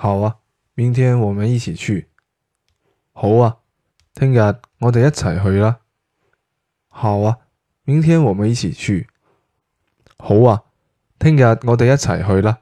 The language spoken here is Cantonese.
好啊，明天我們一起去。好啊，聽日我哋一齊去啦。好啊，明天我們一起去。好啊，聽日我哋一齊去啦。